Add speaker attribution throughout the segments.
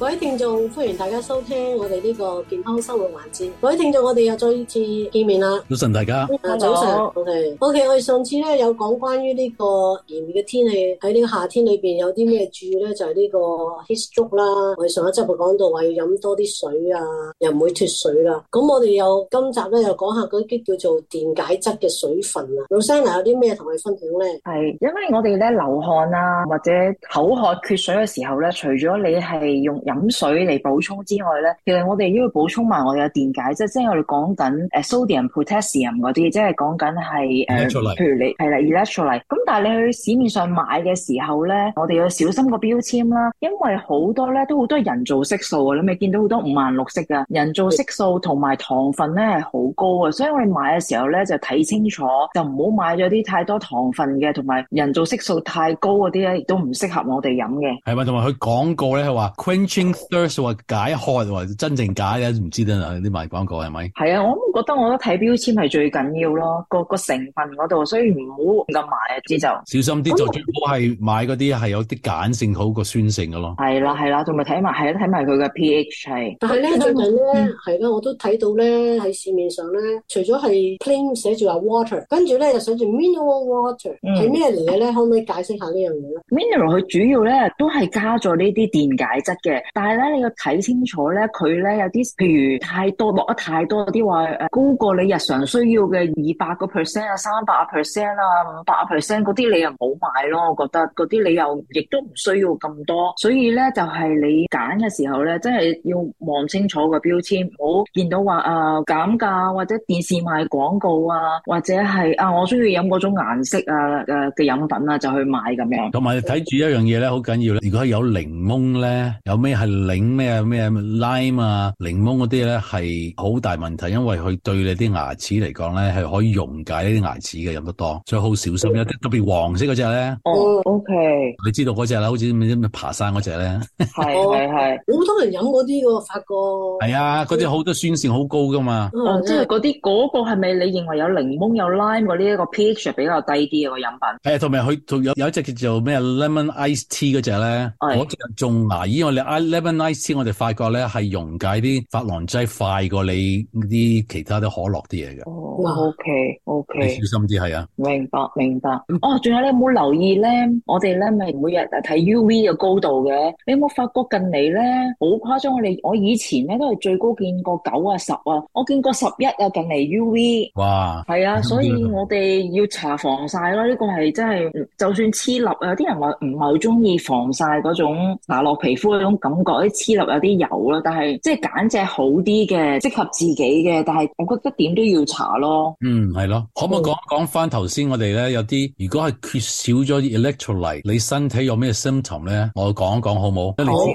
Speaker 1: 各位聽眾，歡迎大家收聽我哋呢個健康生活環節。各位聽眾，我哋又再一次見面
Speaker 2: 啦。早晨大家，早晨。
Speaker 1: O K O K，我哋上次咧有講關於呢個炎熱嘅天氣喺呢個夏天裏邊有啲咩注意咧，就係、是、呢個 histo 啦。我哋上一集講到話要飲多啲水啊，又唔會脫水啦。咁我哋又今集咧又講下嗰啲叫做電解質嘅水分啊。l u i a 有啲咩同你分享咧？係，
Speaker 3: 因為我哋咧流汗啊或者口渴缺水嘅時候咧，除咗你係用飲水嚟補充之外咧，其實我哋要補充埋我哋嘅電解質，即係我哋講緊誒 sodium、potassium 嗰啲，即係講緊係誒，譬如你係啦 electrolyte。咁但係你去市面上買嘅時候咧，我哋要小心個標籤啦，因為好多咧都好多人造色素啊，你咪見到好多五顏六色嘅人造色素同埋糖分咧係好高啊，所以我哋買嘅時候咧就睇清楚，就唔好買咗啲太多糖分嘅同埋人造色素太高嗰啲咧，亦都唔適合我哋飲嘅。
Speaker 2: 係咪？同埋佢講過咧，佢話 quench claim 或解開或真正解咧，唔知得。啲賣廣告係咪？
Speaker 3: 係啊，我覺得我睇標籤係最緊要咯，個個成分嗰度，所以唔好咁買一啲就
Speaker 2: 小心啲就，最好係買嗰啲係有啲鹼性好過酸性嘅咯。
Speaker 3: 係啦係啦，同埋睇埋係睇埋佢嘅 pH。但係咧最近咧係啦，我都睇到咧喺市面
Speaker 1: 上咧，除咗係 claim 寫住話 water，跟住咧又寫住 mineral water 係咩嚟嘅咧？可唔、嗯、可以解釋
Speaker 3: 下呢樣嘢咧？Mineral 佢主要咧都係加咗呢啲電解質嘅。但係咧，你要睇清楚咧，佢咧有啲譬如太多落得太多啲話誒，高過你日常需要嘅二百個 percent 啊，三百 percent 啊，五百 percent 嗰啲你又唔好買咯。我覺得嗰啲你又亦都唔需要咁多。所以咧就係、是、你揀嘅時候咧，真係要望清楚個標籤，唔好見到話啊減價或者電視賣廣告啊，或者係啊我中意飲嗰種顏色啊誒嘅飲品啊就去買咁樣。
Speaker 2: 同埋睇住一樣嘢咧，好緊要咧。如果有檸檬咧，有咩？係檸咩咩 lime 啊，檸檬嗰啲咧，係好大問題，因為佢對你啲牙齒嚟講咧，係可以溶解呢啲牙齒嘅，飲得多，所以好小心一啲。特別黃色嗰隻咧，哦，OK，你知道嗰隻啦，好似咩爬山嗰隻咧，係係係，好多人飲
Speaker 1: 嗰啲㗎，發哥，
Speaker 2: 係 啊，嗰啲好多酸性好高㗎嘛，
Speaker 1: 即係嗰啲
Speaker 3: 嗰個係咪你認為有檸檬有 lime 嗰啲一個 pH 比較低啲嘅、嗰個、飲
Speaker 2: 品？係同埋佢仲有有，有一隻叫做咩 lemon ice tea 嗰隻咧，嗰隻蛀牙，而我哋。lemon ice 先我哋發覺咧，係溶解啲發廊劑快過你啲其他啲可樂啲嘢嘅。哦
Speaker 3: ，OK，OK。你小心啲係啊。明白，明白。哦、 啊，仲有你有冇留意咧？我哋咧咪每日啊睇 UV 嘅高度嘅。你有冇發覺近嚟咧好誇張？我哋我以前咧都係最高見過九啊十啊，我見過十一啊，近嚟 UV。哇！係啊，所以我哋要搽防曬咯。呢、呢個係真係，就算黐立啊，有啲人話唔係好中意防曬嗰種拿落皮膚嗰種感覺。啲黐粒有啲油啦，但係即係揀隻好啲嘅，適合自己嘅。但係我覺得點都要搽咯。
Speaker 2: 嗯，係咯。可唔可以講講翻頭先？我哋咧有啲，如果係缺少咗 electrolyte，你身體有咩 symptom 咧？我講一講好冇。好。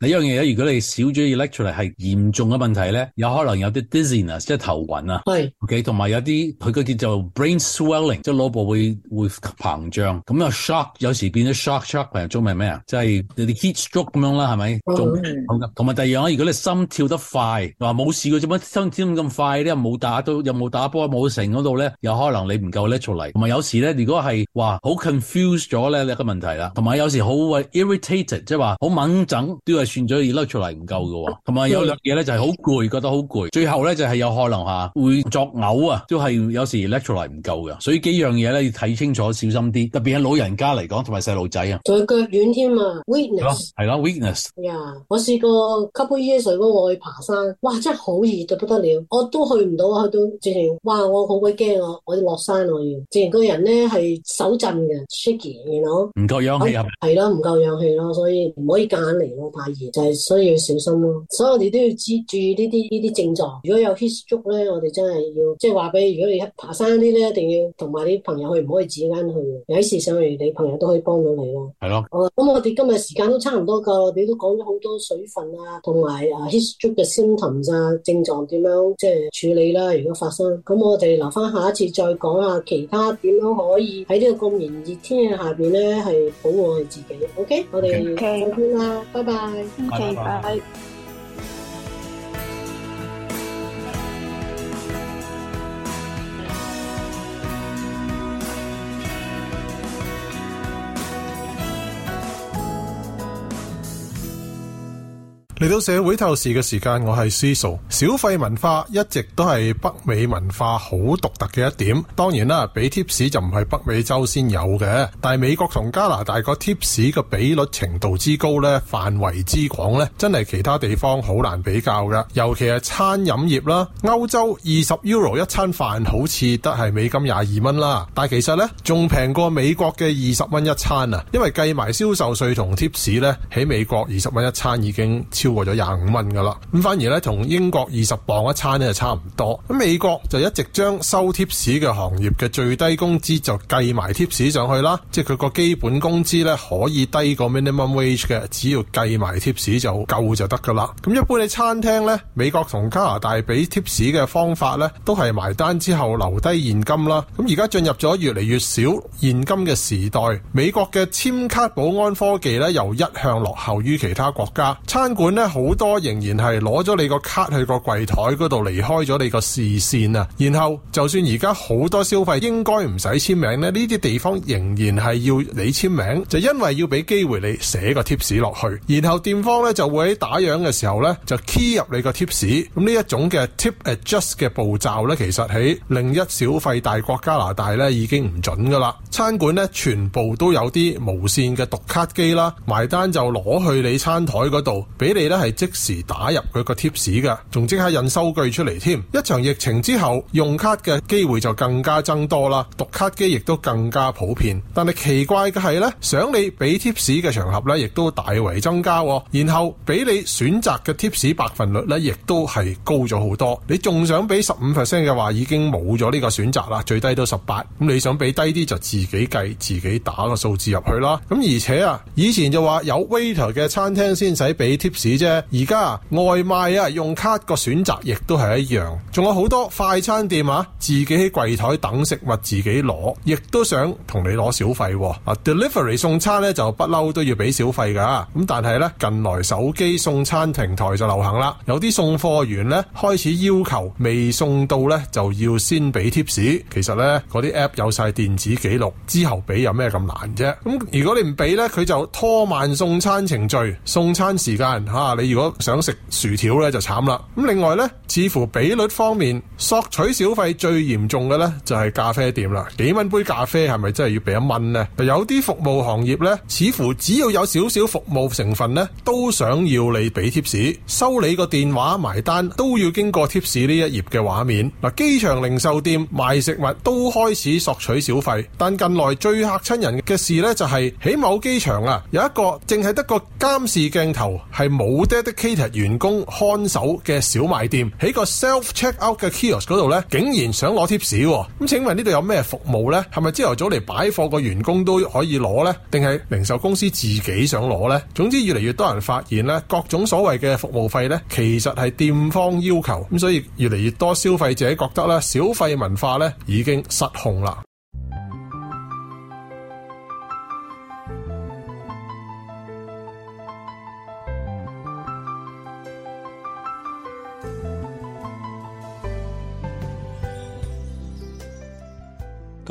Speaker 2: 你一樣嘢咧，如果你少咗 electrolyte 係嚴重嘅問題咧，有可能有啲 dizziness 即係頭暈啊。係。OK，同埋有啲佢嘅叫做 brain swelling 即係腦部會會膨脹。咁啊 shock 有時變咗 shock shock，成日中咪咩啊？即係啲 heat stroke 咁樣啦，係咪？同埋第二樣咧，如果你心跳得快，話冇事嘅，做乜心跳咁快，又冇打到又冇打波冇成嗰度咧，又，又，又，又有可能你唔夠 electrolyte。同埋有，有時咧，如果係話好 confused 咗咧，一個問題啦。同埋有，有時好 irritated，即係話好掹憎，都係算咗 electrolyte 唔夠嘅喎。同埋有樣嘢咧，就係好攰，覺得好攰。最後咧就係、是、有可能下會作嘔啊，都係有時 electrolyte 唔夠嘅。所以幾樣嘢咧要睇清楚，小心啲，特別係老人家嚟講同埋細路仔啊，仲係腳
Speaker 1: 軟添啊，weakness
Speaker 2: 係咯，係咯，weakness
Speaker 1: 呀、yeah.！我試過吸杯椰水幫我去爬山，哇！真係好熱到不得了，我都去唔到，去到直情哇！我好鬼驚啊，我要落山我要，之前個人咧係手震嘅，shaky，你諗唔
Speaker 2: 夠氧氣啊？
Speaker 1: 係、嗯、咯，唔夠氧氣咯，所以唔可以隔硬嚟咯，太熱就係、是、以要小心咯。所以我哋都要注注意呢啲呢啲症狀。如果有 hist 足咧，我哋真係要即係話俾，如果你爬山啲咧，一定要同埋啲朋友去，唔可以自己間去嘅。有啲事上去，你朋友都可以幫到你咯。係咯。好、嗯、咁我哋今日時間都差唔多噶，你都講。講咗好多水分啊，同埋啊，histoc 嘅 symptoms 啊，症狀點樣即係處理啦？如果發生咁，我哋留翻下，下一次再講下其他點樣可以喺呢個咁炎熱天氣下邊咧係保護我哋自己？OK，我哋先啦，拜拜，拜拜。
Speaker 4: 嚟到社會透視嘅時間，我係思素。小費文化一直都係北美文化好獨特嘅一點。當然啦，俾 tips 就唔係北美洲先有嘅，但係美國同加拿大個 tips 嘅比率程度之高呢，範圍之廣呢，真係其他地方好難比較噶。尤其係餐飲業啦，歐洲二十 Euro 一餐飯好似得係美金廿二蚊啦，但係其實呢，仲平過美國嘅二十蚊一餐啊，因為計埋銷售稅同 tips 呢，喺美國二十蚊一餐已經超。超過咗廿五蚊噶啦，咁反而咧同英國二十磅一餐咧就差唔多。咁美國就一直將收 tips 嘅行業嘅最低工資就計埋 tips 上去啦，即係佢個基本工資咧可以低過 minimum wage 嘅，只要計埋 tips 就夠就得噶啦。咁一般喺餐廳咧，美國同加拿大俾 tips 嘅方法咧都係埋單之後留低現金啦。咁而家進入咗越嚟越少現金嘅時代，美國嘅簽卡保安科技咧又一向落後於其他國家餐館呢好多仍然係攞咗你個卡去個櫃台嗰度離開咗你個視線啊！然後就算而家好多消費應該唔使簽名咧，呢啲地方仍然係要你簽名，就因為要俾機會你寫個貼士落去。然後店方咧就會喺打烊嘅時候咧就 key 入你個貼士。咁呢一種嘅 tip adjust 嘅步驟咧，其實喺另一小費大國加拿大咧已經唔准噶啦。餐館咧全部都有啲無綫嘅讀卡機啦，埋單就攞去你餐台嗰度俾你。咧係即時打入佢個 tips 嘅，仲即刻印收據出嚟添。一場疫情之後，用卡嘅機會就更加增多啦，讀卡機亦都更加普遍。但係奇怪嘅係咧，想你俾 tips 嘅場合咧，亦都大為增加。然後俾你選擇嘅 tips 百分率呢，亦都係高咗好多。你仲想俾十五 percent 嘅話，已經冇咗呢個選擇啦，最低都十八。咁你想俾低啲，就自己計，自己打個數字入去啦。咁而且啊，以前就話有 waiter 嘅餐廳先使俾 tips。而家外賣啊，用卡個選擇亦都係一樣，仲有好多快餐店啊，自己喺櫃台等食物，自己攞，亦都想同你攞小費。啊，delivery 送餐呢就不嬲都要俾小費噶，咁但係咧，近來手機送餐平台就流行啦，有啲送貨員呢開始要求未送到呢就要先俾貼士。其實呢，嗰啲 app 有晒電子記錄，之後俾有咩咁難啫？咁如果你唔俾呢，佢就拖慢送餐程序，送餐時間吓。你如果想食薯條咧，就慘啦。咁另外呢，似乎比率方面索取小費最嚴重嘅呢，就係咖啡店啦。幾蚊杯咖啡係咪真係要俾一蚊呢？有啲服務行業呢，似乎只要有少少服務成分呢，都想要你俾貼士。收你個電話埋單都要經過貼士呢一頁嘅畫面。嗱，機場零售店賣食物都開始索取小費，但近來最嚇親人嘅事呢，就係喺某機場啊，有一個淨係得個監視鏡頭係冇。冇 dedicated 員工看守嘅小賣店喺個 self check out 嘅 kiosk 嗰度呢，竟然想攞 tips，咁請問呢度有咩服務呢？係咪朝頭早嚟擺貨個員工都可以攞呢？定係零售公司自己想攞呢？總之越嚟越多人發現呢，各種所謂嘅服務費呢，其實係店方要求咁，所以越嚟越多消費者覺得呢，小費文化呢已經失控啦。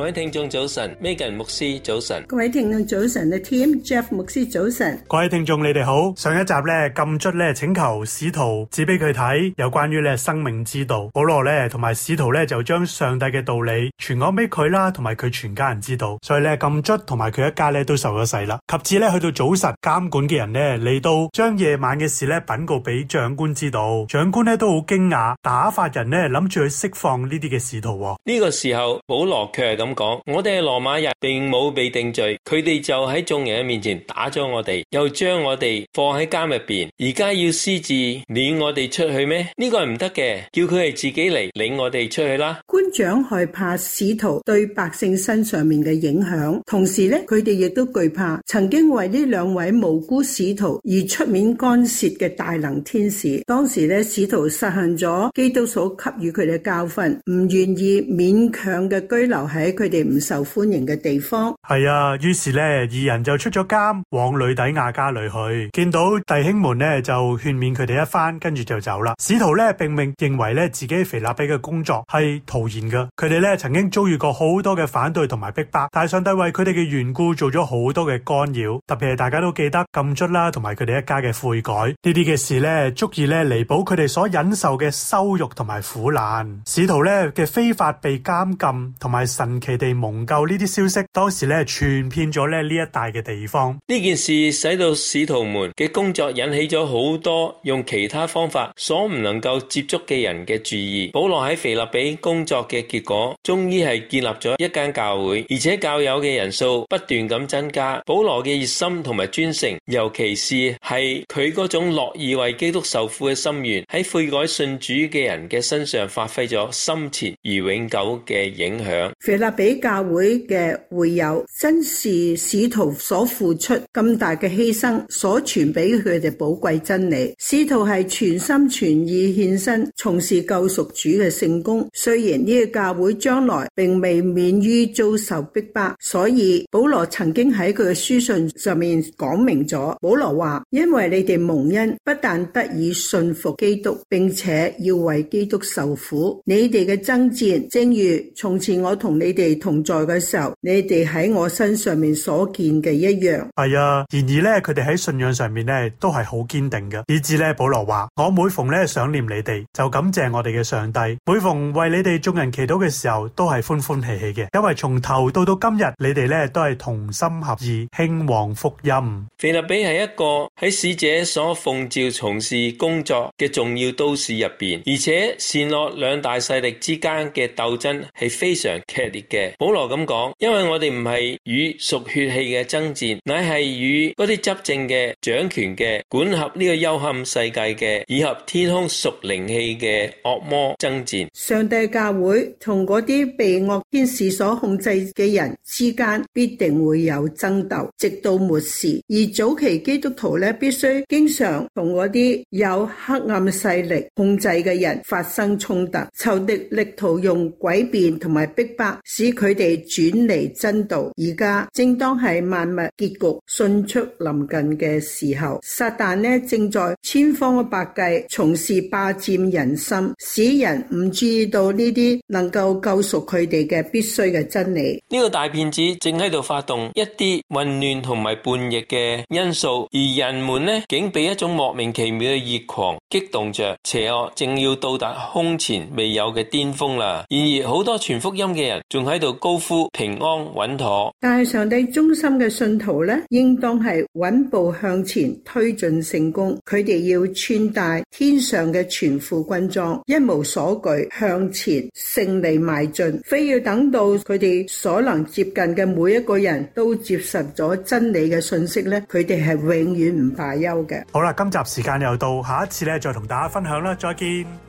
Speaker 5: 各位聽眾早晨，Megan 牧師早晨，各位
Speaker 6: 聽眾早晨嘅 Tim、Jeff 牧師早晨，
Speaker 7: 各位聽眾你哋好。上一集咧，禁卒咧請求使徒指俾佢睇，有關於咧生命之道。保羅咧同埋使徒咧就將上帝嘅道理傳講俾佢啦，同埋佢全家人知道。所以咧，禁卒同埋佢一家咧都受咗洗啦。及至咧去到早晨，監管嘅人咧嚟到將夜晚嘅事咧稟告俾長官知道，長官咧都好驚訝，打發人咧諗住去釋放呢啲嘅使徒。
Speaker 5: 呢個時候，保羅卻係咁。講我哋係羅馬人，並冇被定罪，佢哋就喺眾人嘅面前打咗我哋，又將我哋放喺監入邊，而家要私自，攆我哋出去咩？呢、呢個係唔得嘅，叫佢哋自己嚟領我哋出去啦。
Speaker 6: 官長害怕使徒對百姓身上面嘅影響，同時呢，佢哋亦都懼怕曾經為呢兩位無辜使徒而出面干涉嘅大能天使。當時呢，使徒實行咗基督所給予佢哋教訓，唔願意勉強嘅拘留喺佢。哋唔受
Speaker 7: 歡迎嘅地方係啊。於是咧，二人就出咗監，往呂底亞家裏去。見到弟兄們咧，就勸勉佢哋一番，跟住就走啦。使徒咧，並未認為咧，自己腓立比嘅工作係徒然嘅。佢哋咧曾經遭遇過好多嘅反對同埋逼迫，但上帝為佢哋嘅緣故做咗好多嘅干擾。特別係大家都記得禁卒啦，同埋佢哋一家嘅悔改這些事呢啲嘅事咧，足以咧彌補佢哋所忍受嘅羞辱同埋苦難。使徒咧嘅非法被監禁同埋神奇。佢哋蒙救呢啲消息，當時咧傳遍咗咧呢一帶嘅地方。
Speaker 5: 呢件事使到使徒們嘅工作引起咗好多用其他方法所唔能夠接觸嘅人嘅注意。保羅喺腓立比工作嘅結果，終於係建立咗一間教會，而且教友嘅人數不斷咁增加。保羅嘅熱心同埋專誠，尤其是係佢嗰種樂意為基督受苦嘅心願，喺悔改信主嘅人嘅身上發揮咗深切而永久嘅影響。
Speaker 6: 腓立俾教會嘅會友，真是使徒所付出咁大嘅犧牲，所傳俾佢哋寶貴真理。使徒係全心全意獻身，從事救贖主嘅聖工。雖然呢個教會將來並未免於遭受逼迫，所以保羅曾經喺佢嘅書信上面講明咗。保羅話：因為你哋蒙恩，不但得以信服基督，並且要為基督受苦。你哋嘅爭戰，正如從前我同你哋，同在嘅時候，你哋喺我身上面所見嘅一樣。
Speaker 7: 係啊，然而咧，佢哋喺信仰上面咧都係好堅定嘅，以至咧保羅話：我每逢咧想念你哋，就感謝我哋嘅上帝。每逢為你哋眾人祈禱嘅時候，都係歡歡喜喜嘅，因為從頭到到今日，你哋咧都係同心合意，興旺福音。
Speaker 5: 腓立比係一個喺使者所奉召從事工作嘅重要都市入邊，而且善惡兩大勢力之間嘅鬥爭係非常劇烈嘅。保羅咁講，因為我哋唔係與屬血氣嘅爭戰，乃係與嗰啲執政嘅掌權嘅管轄呢個幽暗世界嘅，以及天空屬靈氣嘅惡魔爭戰。
Speaker 6: 上帝教會同嗰啲被惡天使所控制嘅人之間必定會有爭鬥，直到末時。而早期基督徒咧，必須經常同嗰啲有黑暗勢力控制嘅人發生衝突，仇敵力圖用詭辯同埋逼迫使。佢哋轉離真道，而家正當係萬物結局迅速臨近嘅時候，撒旦呢正在千方百計從事霸占人心，使人唔注意到呢啲能夠救贖佢哋嘅必須嘅真理。
Speaker 5: 呢個大騙子正喺度發動一啲混亂同埋叛逆嘅因素，而人們呢竟被一種莫名其妙嘅熱狂激動着，邪惡正要到達空前未有嘅巔峰啦。然而，而，好多傳福音嘅人仲喺。喺度高呼平安穩妥，
Speaker 6: 但係上帝忠心嘅信徒咧，應當係穩步向前推進成功。佢哋要穿戴天上嘅全副軍裝，一無所懼，向前勝利邁進。非要等到佢哋所能接近嘅每一個人都接受咗真理嘅信息咧，佢哋係永遠唔罷休嘅。
Speaker 7: 好啦，今集時間又到，下一次咧，再同大家分享啦，再見。